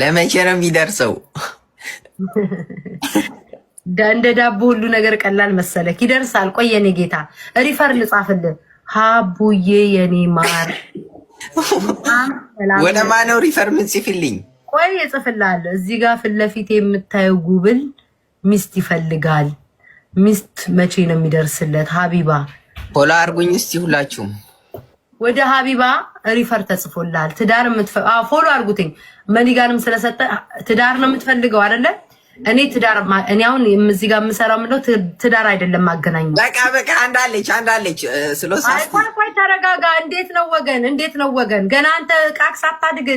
ለመቼ ነው የሚደርሰው? እንደ ዳቦ ሁሉ ነገር ቀላል መሰለክ? ይደርሳል። ቆይ የኔ ጌታ ሪፈር ልጻፍልን። ሀቡዬ የኔ ማር ወደ ማነው ሪፈር ምን ጽፍልኝ? ቆይ እጽፍልሃለሁ። እዚህ ጋር ፊት ለፊት የምታየው ጉብል ሚስት ይፈልጋል። ሚስት መቼ ነው የሚደርስለት? ሀቢባ ፖላ አርጉኝ እስቲ ሁላችሁም ወደ ሀቢባ ሪፈር ተጽፎላል ትዳር ፎሎ አድርጉትኝ መኒጋንም ስለሰጠ ትዳር ነው የምትፈልገው አደለ? እኔ ትዳር እኔ አሁን እዚህ ጋር የምሰራው ምለው ትዳር አይደለም ማገናኝ። በቃ በቃ አንዳለች አንዳለች ስለሳስቆይ ተረጋጋ። እንዴት ነው ወገን? እንዴት ነው ወገን? ገና አንተ ቃቅ ሳታድግ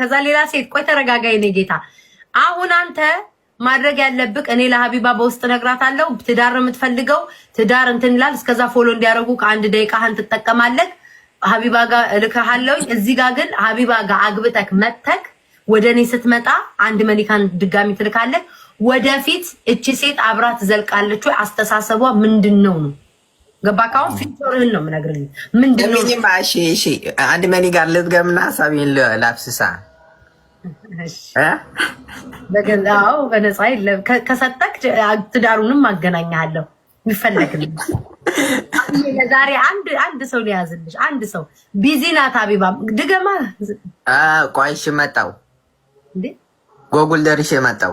ከዛ ሌላ ሴት። ቆይ ተረጋጋ የኔ ጌታ። አሁን አንተ ማድረግ ያለብህ እኔ ለሀቢባ በውስጥ እነግራታለሁ። ትዳር ነው የምትፈልገው ትዳር እንትንላል። እስከዛ ፎሎ እንዲያደርጉ ከአንድ ደቂቃህን ትጠቀማለህ። ሀቢባ ጋር እልክሃለውኝ። እዚህ ጋር ግን ሀቢባ ጋር አግብተክ መተክ ወደ እኔ ስትመጣ አንድ መሊካን ድጋሚ ትልካለህ። ወደፊት እቺ ሴት አብራ ትዘልቃለች ወይ? አስተሳሰቧ ምንድን ነው ነው ገባ ካሁን ፊቸርህን ነው የምነግርልህ። ምንድን ነው አንድ መኒ ጋር ልትገምና ሀሳቤን ላብስሳ በገዛው በነፃ የለም። ከሰጠክ ትዳሩንም አገናኛለሁ ይፈለግልኝ ዛሬ አንድ አንድ ሰው ሊያዝልሽ አንድ ሰው ቢዚ ናት። አቢባ ድገማ ቋይሽ መጣው ጎጉል ደርሽ መጣው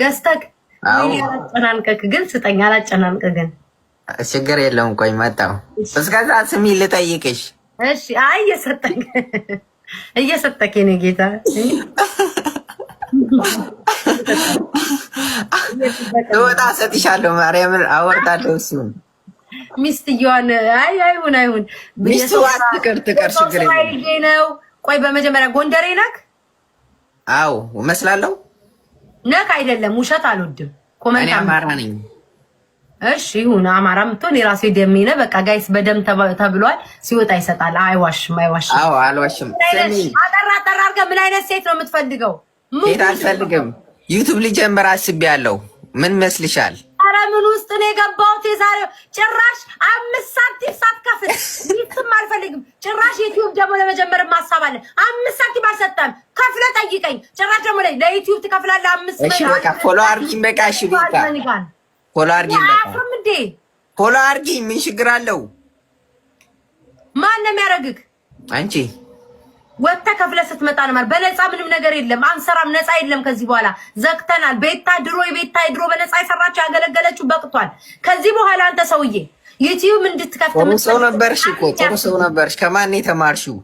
ገዝተህ አላጨናንቀክ ግን ስጠኝ። አላጨናንቀ ግን ችግር የለውም። ቆይ መጣው እስከዛ ስሚ ልጠይቅሽ። እሺ አይ እየሰጠኝ እየሰጠክ የኔ ጌታ ወጣ ሰጥሻለሁ። ማርያምን አወርዳለሁ እሱን ሚስትየዋን አይ አይሁን አይሁን ሚስትዋትቅር ትቀር ችግር ነው። ቆይ በመጀመሪያ ጎንደሬ ነክ? አዎ እመስላለሁ። ነክ አይደለም፣ ውሸት አልወድም። ኮመንት አማራ ነኝ። እሺ ይሁን አማራ ምትሆን የራሴ ደሜ ነው። በቃ ጋይስ በደም ተብሏል፣ ሲወጣ ይሰጣል። አይዋሽም፣ አይዋሽም። አዎ አልዋሽም። አጠራ አጠራ አድርገህ ምን አይነት ሴት ነው የምትፈልገው? ሴት አልፈልግም። ዩቱብ ልጀምር አስቤያለሁ። ምን መስልሻል? ነው የገባሁት። የዛሬ ጭራሽ አምስት ሳንቲም ሳትከፍል ሚስትም አልፈልግም። ጭራሽ ዩቲዩብ ደግሞ ለመጀመር ማሳብ አለ። አምስት ሳንቲም አልሰጠህም፣ ከፍለ ጠይቀኝ። ጭራሽ ደግሞ ላይ ለዩቲዩብ ትከፍላለህ። አምስት እሺ፣ በቃ ፎሎ አርጊኝ። በቃ እሺ፣ በቃ ፎሎ አርጊኝ። በቃ እንዴ ፎሎ አርጊኝ። ምን ችግር አለው? ማን ነው የሚያደርግህ? አንቺ ወጥተህ ከፍለህ ስትመጣ ነው ማለት። በነፃ ምንም ነገር የለም። አንሰራም፣ ነፃ የለም። ከዚህ በኋላ ዘግተናል። ቤታ ድሮ የቤታ ድሮ በነፃ የሰራችው ያገለገለችው በቅቷል። ከዚህ በኋላ አንተ ሰውዬ ዩቲዩብ እንድትከፍት ጥሩ ሰው ነበርሽ እኮ ጥሩ ሰው ነበርሽ። ከማን የተማርሽው?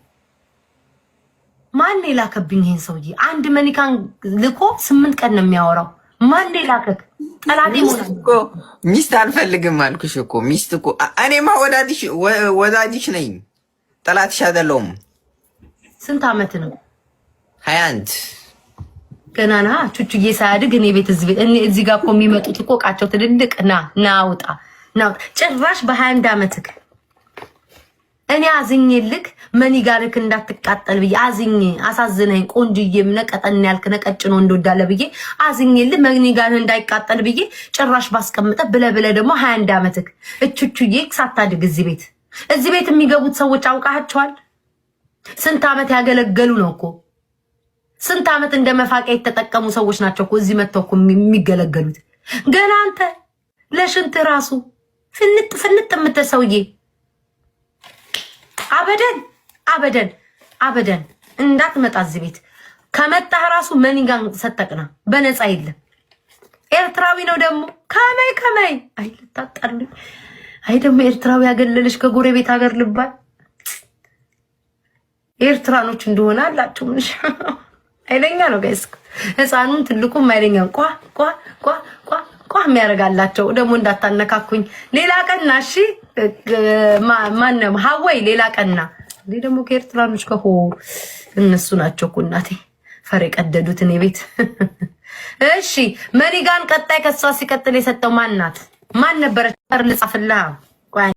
ማን የላከብኝ ይሄን ሰውዬ? አንድ መኒካን ልኮ ስምንት ቀን ነው የሚያወራው። ማን የላከክ? ጠላቴ እኮ ሚስት አልፈልግም አልኩሽ እኮ ሚስት እኮ እኔማ ወዳጅሽ ነኝ፣ ጠላትሽ አይደለሁም። ስንት አመት ነው? ሀያ አንድ ገና ና ቹቹዬ ሳያድግ እኔ ቤት እዚህ ጋር እኮ የሚመጡት እኮ እቃቸው ትልልቅ ና ናውጣ ናውጣ ጭራሽ በሀያ አንድ አመትህ እኔ አዝኝልክ መኒ ጋርክ እንዳትቃጠል ብዬ አዝኝ አሳዝነኝ። ቆንጅዬም ነቀጠን ያልክ ነቀጭኖ እንደወዳለ ብዬ አዝኝልህ መኒ ጋርህ እንዳይቃጠል ብዬ ጭራሽ ባስቀምጠ ብለ ብለ ደግሞ ሀያ አንድ አመትክ እቹቹዬ ሳታድግ እዚህ ቤት እዚህ ቤት የሚገቡት ሰዎች አውቃቸዋል። ስንት ዓመት ያገለገሉ ነው እኮ ስንት ዓመት እንደ መፋቂያ የተጠቀሙ ሰዎች ናቸው እኮ እዚህ መጥተው እኮ የሚገለገሉት። ገና አንተ ለሽንት ራሱ ፍንጥ ፍንጥ የምትል ሰውዬ አበደን አበደን አበደን እንዳትመጣ እዚህ ቤት ከመጣህ ራሱ መኒጋን ሰጠቅና በነፃ የለም። ኤርትራዊ ነው ደግሞ ከመይ ከመይ አይ ልታጠርልኝ አይ ደግሞ ኤርትራዊ ያገለለሽ ከጎረቤት ሀገር ልባል ኤርትራኖች እንደሆነ አላቸው። ምን አይለኛ ነው ጋይስ። ህፃኑም ትልቁም ኃይለኛ ቋ ቋ ቋ ቋ ቋ የሚያደርጋላቸው ደግሞ እንዳታነካኩኝ። ሌላ ቀና እሺ፣ ማነው ሀወይ? ሌላ ቀና እንዴ ደግሞ ከኤርትራኖች ከሆ እነሱ ናቸው እኮ እናቴ ፈር የቀደዱት እኔ ቤት። እሺ መኒጋን ቀጣይ ከሷ ሲቀጥል የሰጠው ማን ናት? ማን ነበረች? ጠር ልጻፍልሃ